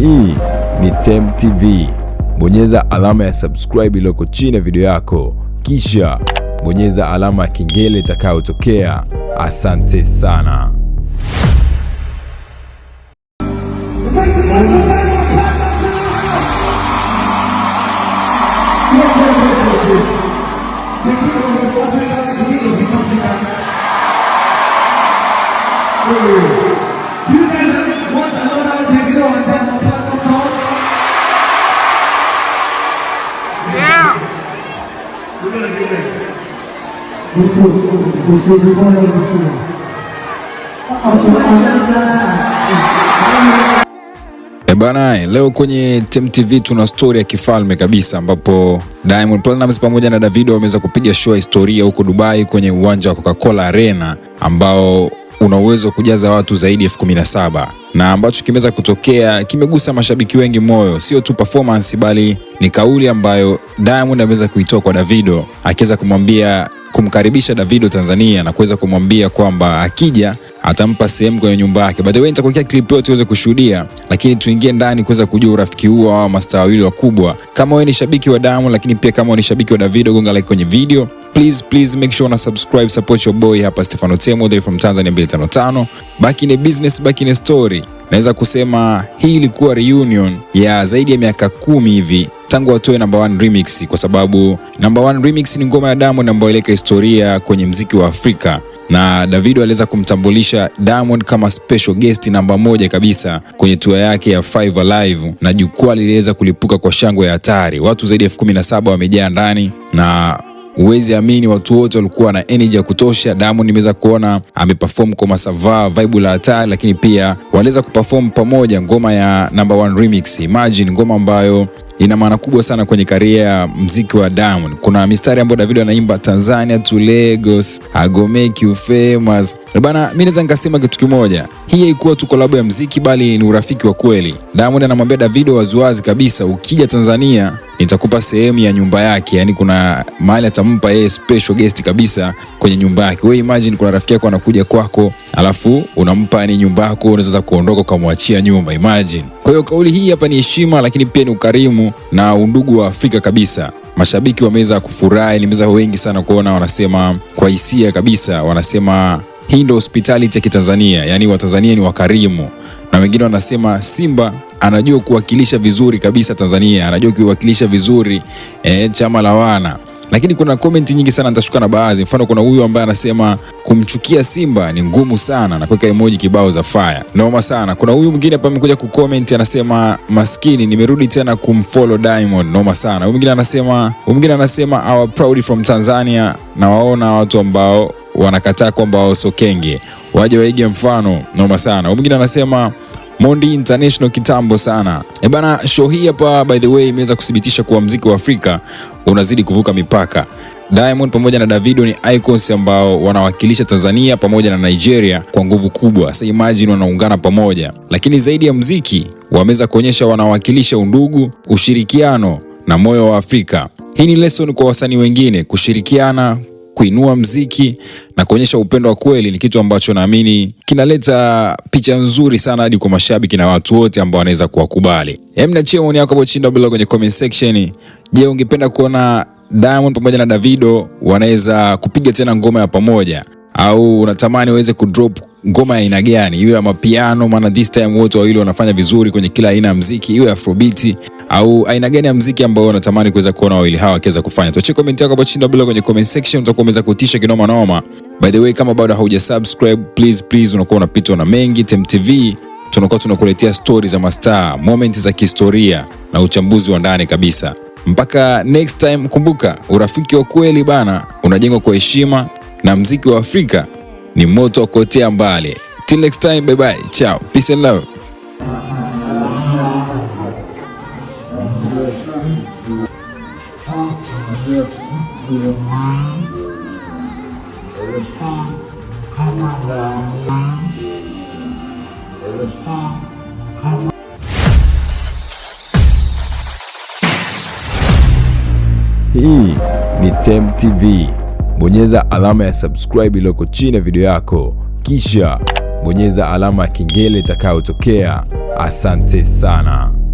Hii ni Temu TV. Bonyeza alama ya subscribe iliyoko chini ya video yako, kisha bonyeza alama ya kengele itakayotokea. Asante sana. ebana eh bana, leo kwenye TV tuna stori ya kifalme kabisa ambapo Diamond Platnumz pamoja na Davido wameweza kupiga show ya historia huko Dubai kwenye uwanja wa Coca-Cola Arena ambao una uwezo wa kujaza watu zaidi ya elfu kumi na saba na ambacho kimeweza kutokea kimegusa mashabiki wengi moyo, sio tu performance, bali ni kauli ambayo Diamond ameweza kuitoa kwa Davido akiweza kumwambia kumkaribisha Davido Tanzania na kuweza kumwambia kwamba akija atampa sehemu kwenye nyumba yake. By the way, nitakuwekea clip yote uweze kushuhudia, lakini tuingie ndani kuweza kujua urafiki huo wa mastaa wawili wakubwa. Kama wewe ni shabiki wa Diamond, lakini pia kama wewe ni shabiki wa Davido, gonga like kwenye video. Please, please make sure una subscribe, support your boy hapa Stefano Temo the from Tanzania 255. Back in the business, back in the story. Naweza kusema hii ilikuwa reunion ya zaidi ya miaka kumi hivi tangu watoe number one remix, kwa sababu number one remix ni ngoma ya Diamond ambayo iliweka historia kwenye mziki wa Afrika na Davido aliweza kumtambulisha Diamond kama special guest namba moja kabisa kwenye tour yake ya Five Alive, na jukwaa liliweza kulipuka kwa shangwe ya hatari. Watu zaidi ya elfu kumi na saba wamejaa ndani na huwezi amini, watu wote walikuwa na energy ya kutosha. Diamond imeweza kuona ameperform kwa masava vibe la hatari, lakini pia waliweza kuperform pamoja ngoma ya number one remix. Imagine ngoma ambayo ina maana kubwa sana kwenye karia ya mziki wa Diamond. Kuna mistari ambayo Davido anaimba Tanzania to Lagos, I go make you famous. Eh bana, mimi naweza nikasema kitu kimoja, hii haikuwa tu kolabo ya mziki, bali ni urafiki wa kweli. Diamond anamwambia Davido waziwazi kabisa, ukija Tanzania nitakupa sehemu ya nyumba yake, yani kuna mahali atampa yeye special guest kabisa kwenye nyumba yake. Wewe imagine, kuna rafiki yako anakuja kwako alafu unampa yani nyumba yako, unaweza kuondoka ukamwachia nyumba, imagine. Kwa hiyo kauli hii hapa ni heshima, lakini pia ni ukarimu na undugu wa Afrika kabisa. Mashabiki wameweza kufurahi, nimeweza wengi sana kuona wanasema kwa hisia kabisa, wanasema hii ndio hospitality ya Kitanzania, yaani Watanzania ni wakarimu, na wengine wanasema Simba anajua kuwakilisha vizuri kabisa Tanzania, anajua kuwakilisha vizuri eh, chama la wana lakini kuna komenti nyingi sana, nitashuka na baadhi. Mfano, kuna huyu ambaye anasema kumchukia Simba ni ngumu sana, na kuweka emoji kibao za fire, noma sana. Kuna huyu mwingine hapa amekuja kucomment, anasema maskini, nimerudi tena kumfollow Diamond, noma sana. Huyu mwingine anasema, huyu mwingine anasema our proud from Tanzania, na waona watu ambao wanakataa kwamba wao sokenge waje waige mfano, noma sana. Huyu mwingine anasema Mondi International kitambo sana. Eh bana, show hii hapa by the way imeweza kuthibitisha kuwa mziki wa Afrika unazidi kuvuka mipaka. Diamond pamoja na Davido ni icons ambao wanawakilisha Tanzania pamoja na Nigeria kwa nguvu kubwa. Sasa imagine wanaungana pamoja, lakini zaidi ya mziki wameweza kuonyesha wanawakilisha undugu, ushirikiano na moyo wa Afrika. Hii ni lesson kwa wasanii wengine kushirikiana kuinua mziki na kuonyesha upendo wa kweli ni kitu ambacho naamini kinaleta picha nzuri sana hadi kwa mashabiki na watu wote ambao wanaweza kuwakubali. Hem, niachie maoni yako hapo chini kwenye comment section. Je, ungependa kuona Diamond pamoja na Davido wanaweza kupiga tena ngoma ya pamoja au unatamani waweze kudrop ngoma ya aina gani, iwe ya mapiano? Maana this time wote wawili wanafanya vizuri kwenye kila aina ya mziki, iwe afrobeat au aina gani ya muziki ambao unatamani kuweza kuona wawili hawa wakiweza kufanya. Tuachie comment yako hapo chini na bila kwenye comment section, utakuwa umeweza kutisha kinoma noma. By the way, kama bado hauja subscribe, please please, unakuwa unapitwa na mengi. Tem TV tunakuwa tunakuletea stories za mastaa, moments za kihistoria na uchambuzi wa ndani kabisa. Mpaka next time, kumbuka urafiki wa kweli bana unajengwa kwa heshima na muziki wa Afrika ni moto wa kuotea mbali. Till next time, bye bye, ciao, peace and love. Hii ni Temu TV. Bonyeza alama ya subscribe iliyoko chini ya video yako, kisha bonyeza alama ya kengele itakayotokea. Asante sana.